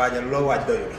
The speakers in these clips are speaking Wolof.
waajal loo waaj doyul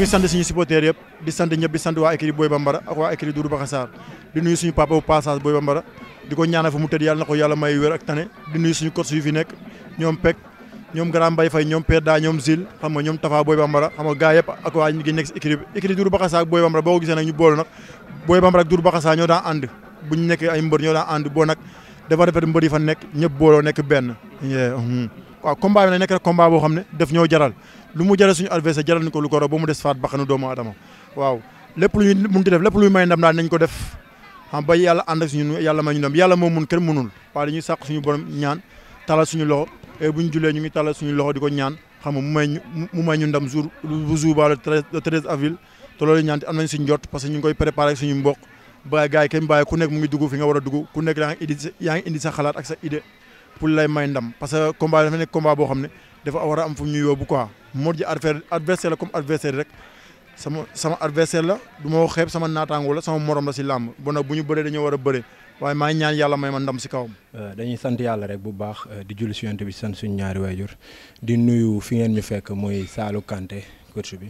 ngi sant suñu supporters yëpp di sant ñëpp di sant waa écurie Boy Bambara ak waa écurie Doudou Bakassar di nuyu suñu papa bu passage Boy Bambara di ko ñaanal fu mu tëdd yàlla na ko yàlla may wér ak tane di nuyu suñu coach yu fi nekk ñoom Pek ñoom Grand Mbaye Faye ñoom Peda ñoom Zil xam ñoom Tafa Boy Bambara xam gaa yëpp ak waa ñi ngi nekk si écurie bi écurie Doudou Bakassar boo ko gisee nag ñu boolu boo nag dafa rafet waaw combat bi nag nekk na combat boo xam ne def ñoo jaral lu mu jaral suñu adversaire jaral ni ko lu ko rob ba mu des faat baxanu doomu aadama waaw lépp lu ñu mun ti def lépp luy may ndam daal nañ ko def xam ba yàlla ànd ak suñu yàlla may ñu ndam yàlla moo mun kenn mënul waaw dañuy sàq suñu borom ñaan talal ñu loxo et bu ñu jullee ñu ngi talal suñu loxo di ko ñaan xam nga mu may ñu mu may ñu ndam jour bu jour ba le treize avril te loolu ñaan am nañ suñu jot parce que ñu ngi koy préparé ak suñu mbokk ba gars yi kenn fi nga war a dugg ku nekk yaa ngi indi sa xalaat ak sa idée pour lay may ndam parce que combat dafa nekk combat boo xam ne dafa war am fu mu ñu yóbbu quoi Modou Dia adversaire la comme adversaire rek sama sama adversaire la du ma wax xeeb sama naataango la sama morom la si làmb bon nag bu ñu bëree dañoo war a bëree waaye maa ngi ñaan yàlla may ma ndam si kawam. Euh, dañuy sant yàlla rek bu baax euh, di julli si yonent bi sant suñu ñaari waajur di nuyu fi ngeen ñu fekk mooy Saalu Kanté coach bi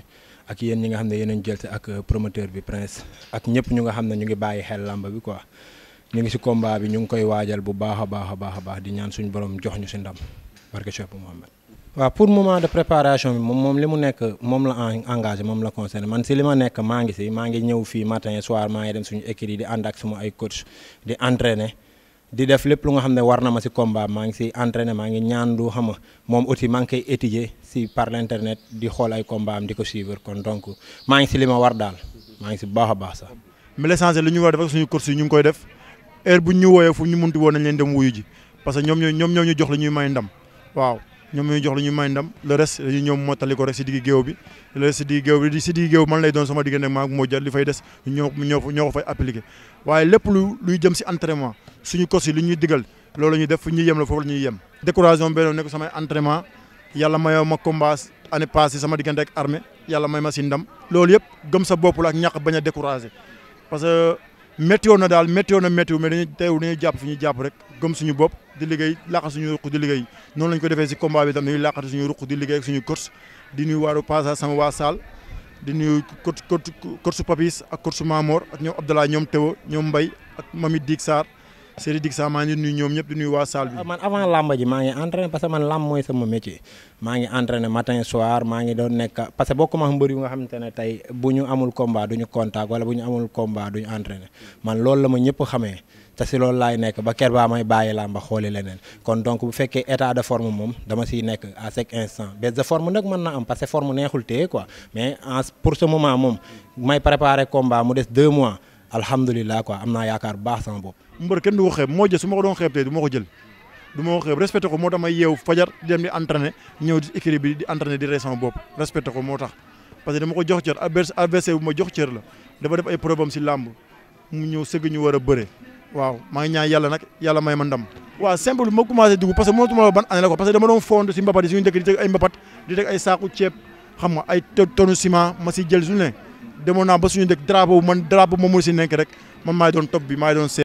ak yéen ñi nga xam ne yéen a jël si ak euh, promoteur bi Prince ak ñëpp ñu nga xam ne ñu ngi bàyyi xel làmb bi quoi. ñu ngi si combat bi ñu ngi koy waajal bu baax a baax a baax a baax di ñaan suñu borom jox ñu si ndam barke Cheikh Mouhamed. waaw pour moment man si li ma nekk maa ngi si maa ngi ñëw fii matin et soir maa ngi dem suñu équipe yi di ànd ak suma ay coach di entraîner. di def lépp lu nga xam ne war na ma si combat maa ngi si entraîné maa ngi ñaandu xama moom aussi maa ngi koy étudier si par internet di xool ay combat di ko suivre kon donc maa ngi si li ma war daal maa ngi si baax a baax sax. mi suñu course ñu ngi koy def. heure bu ñu wooyee fu ñu munti woon nañ leen dem ñu jox li ñuy may ndam ko rek si digg bi le reste si digg géew doon sama diggante ak moo jël li fay des ñoo ñoo ñoo ko lu luy jëm si suñu kos yi li ñuy digal loolu la ñuy def fu ñuy yem la foofu la ñuy yem décoration benn nekk samay entraînement yàlla mayoo ma combat année passée sama diggante ak armée yàlla may ma si ndam loolu yëpp gëm sa bopp la ak ñàkk bañ a découragé parce que météo na daal météo na météo me dañuy teew dañuy jàpp fi ñuy jàpp rek gëm suñu bopp di liggéey laqat suñu ruq di liggéey noonu lañ ko defee si combat bi tam dañuy laqat suñu ruq di liggéey ak suñu course di nuyu waaru passage sama waa Saal di nuyu course course papis ak course Mamor ak ñoom Abdallah ñoom Tewo ñoom mbay ak Mami Dig Sarr Serigne Dick sax maa ngi nuyu ñoom ñëpp di waa salle bi. Ah, man avant làmb ji maa ngi entraîné parce que man làmb mooy sama métier maa ngi entraîné matin soir maa ngi doon nekk parce que bokkuma mbër yu nga xamante ne tey bu ñu amul combat du ñu contact wala bu ñu amul combat du ñu entraîné man loolu la ma ñëpp xamee. te si loolu laay nekk ba ker baa may bàyyi làmb ba xooli leneen kon donc bu fekkee état de forme moom dama siy nekk à chaque instant baisse de forme na am parce que forme neexul téye quoi mais en pour ce moment moom may préparer combat mu des mois. alhamdulilah quoi am yaakaar bu baax sama bopp. mbër kenn du ko xeeb moo jël su ma ko doon xeeb tey du ma ko jël du ma ko xeeb respecté ko moo tax may yeew fajar di dem ko moo tax. parce que dama ko jox cër adversaire bu ma jox cër la dafa def ay problème si làmb mu ñëw sëgg ñu war a bëre waaw maa ngi ñaan yàlla nag yàlla may ma ndam. waaw simple bi ma commencé dugg parce que mënatuma la ban année la ko parce que doon fond si mbapat yi suñu di teg ay mbapat di teg ay saaku ceeb xam ma si jël suñu ne demoon naa ba suñu dëkk drapeau man drapeau ma moo si nekk rek man maay doon bi maay